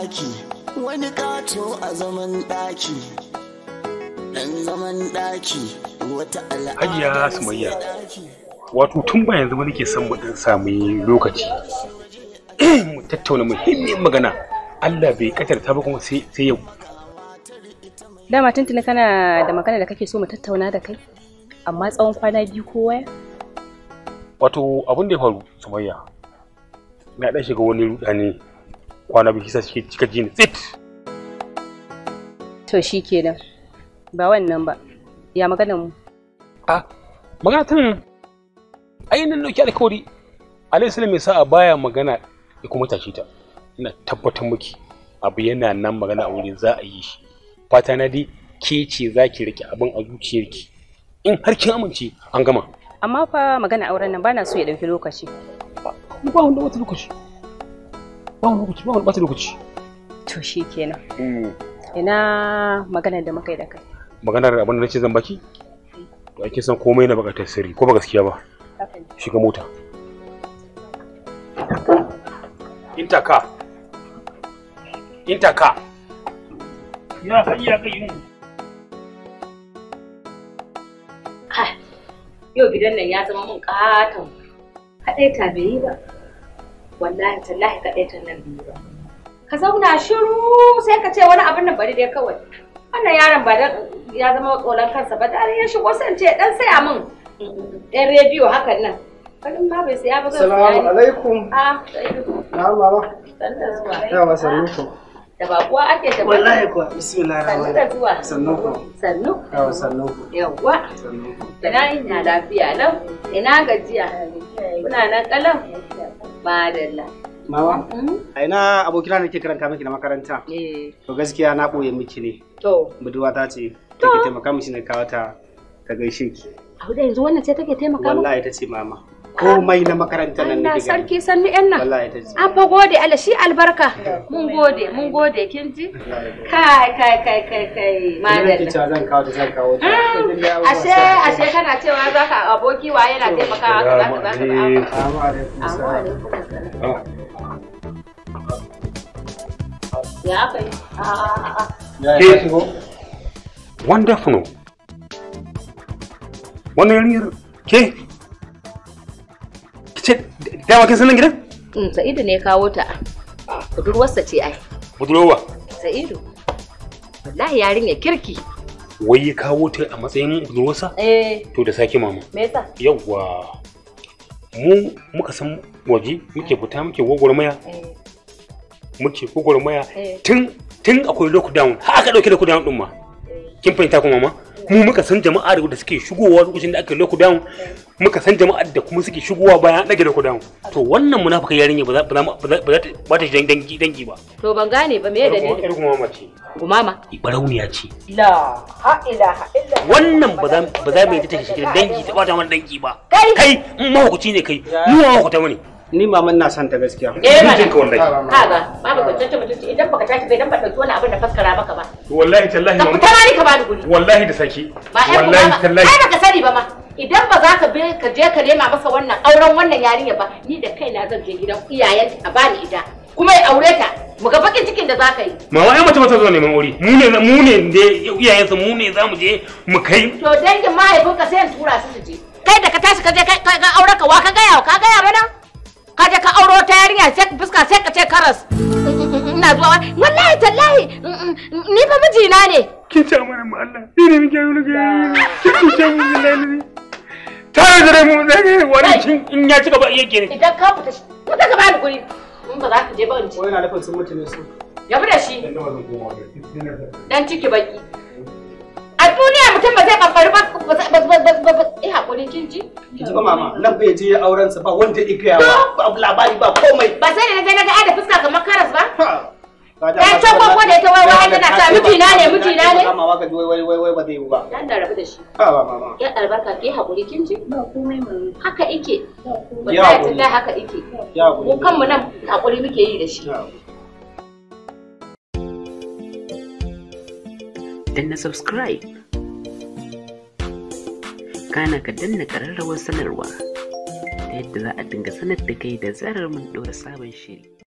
ɗaki wani kato a zaman daki dan zaman daki wata al'ada hajiya sumayya wato tun ba yanzu muke son mu dan samu lokaci mu tattauna muhimmin magana Allah bai kadarta ba kuma sai yau dama tuntuni kana da magana da kake so mu tattauna da kai amma tsawon kwana biyu ko waya wato abin da ya faru sumayya na dan shiga wani rudani kwana biyu sai kika ji ni tsit to shikenan ba wannan ba ya magana mu a magana tun nan dauki alkawari alayhi salam yasa a baya magana ya kuma tashi ta ina tabbatar miki abu yana nan magana a wurin za a yi shi fata na dai ke ce za ki rike abin a zuciyarki in har kin amince an gama amma fa magana auren nan bana so ya dauki lokaci ba wanda wata lokaci ba lokaci ba wani ɓata lokaci to shi kenan mm. ina maganar da muka yi da kai maganar abin da nace zan baki to ake san komai na bukatar sirri ko ba gaskiya ba shiga mota intaka intaka ya hayya kai yin yau gidan nan ya zama mun katon haɗaita bai yi ba wallahi tallahi ka ɗaya nan biyu ba ka zauna shiru sai ka ce wani abin nan bari dai kawai wannan yaron ba ya zama tsoron kansa ba dare ya shigo sai ce dan saya min ɗan rediyo hakan nan Kalin ma bai saya ba ga Salamu alaikum. Ah, na'am baba. Sannan zuwa. Yawa sannu ku. Da kuwa ake da wallahi kuwa bismillah rahmanir rahim. Sannu zuwa. Sannu ku. Sannu. Yawa sannu ku. Yawa. Sannu ku. Ina ina lafiya nan. Ina gajiya. Kuna nan kalan? ba Madalla. Mama, hmm? a ina abokina ne ke karanta miki na makaranta? Eh. To gaskiya na ɓoye miki ne. To. ta ce take taimaka miki na kawo ta ta gaishe ki. A yanzu wannan ce take taimaka miki? Wallahi ta ce mama. komai na makarantar nan ne sarki sanni yan nan an fa gode Allah shi albarka mun gode mun gode kin ji kai kai kai kai kai madalla kin zan kawo da zan kawo ah, ashe ashe kana cewa za ka aboki wa yana taimakawa ka za ka za ka ah. ya kai ah, ya shigo wonderful wannan yarinyar ke Dama kin sanin gidan? Mm, Sa'idu ne kawo ta. Budurwarsa ce ai. Budurwa? Sa'idu. Wallahi yarinya kirki. Wai ya kawo ta a matsayin budurwarsa? Eh. To da sake mama. Me yasa? Yawwa. Mu muka san waje muke fita muke maya eh. Muke maya eh. tun tun akwai lockdown Ha aka dauke lockdown din ma. Eh. Kin fahimta ko mama? mu muka san jama'a da suke shigowa lokacin da aka loku lockdown muka san jama'a da kuma suke shigowa bayan dage lockdown to wannan munafuka yarinya ba za ba ta dangi dangi ba to ban gane ba me kuma mace ce la ha illa ba za ba yi ta dangi ta bata mana dangi ba kai kai mahukuci ne kai mu mahukuta mu ne ni maman na san ta gaskiya eh ba jinka wallahi kaga babu kwanciyar mutunci idan baka tashi bai dan ba dauki wani abin da faskara maka ba wallahi tallahi ka fita ma ni ka bani guri wallahi da saki wallahi tallahi ai baka sani ba ma idan ba za ka bi ka je ka nema masa wannan auren wannan yarinya ba ni da kaina zan je gidan iyayen a bani ita kuma ya aure ta mu ga bakin cikin da za ka yi mama ai mace mace zo neman aure mu ne mu ne da iyayensa mu ne za mu je mu kai to dangin mahaifinka sai in tura su su je kai da ka tashi ka je ka aure ka wa ka gaya ka gaya ke karas ina zuwa wallahi tallahi ni fa mijina ne kin ta mana mu Allah ni ne muke yi ga kin ta mu lalle ta yi da mu ne ne wani kin in ya ci gaba yake ne idan ka fita ku ta gaba ni guri mun ba za ka je ba in ci wai na nufin sun mutu ne su yabi da shi dan ciki baki a duniya mutum ba zai bambari ba ba ba ba ba ba ba eh hakuri kin ji ki ji ba mama nan bai je auren sa ba wanda ya gaya ba ba labari ba komai ba sai Ya can ko da ita wai wai yana ta ne miji ne. Amma wai wai wai wai ba zai yi ba. Dan da rabu da shi. ba mama. Ya albarka ke hakuri kin ji? Ba komai mama. Haka ike. Ya ta haka ike. Ya hakuri. Mu kanmu nan hakuri muke yi da shi. Danna subscribe. Kana ka danna ƙararrawar sanarwa ta yadda za a dinga sanar da kai da zarar mun ɗora sabon shiri.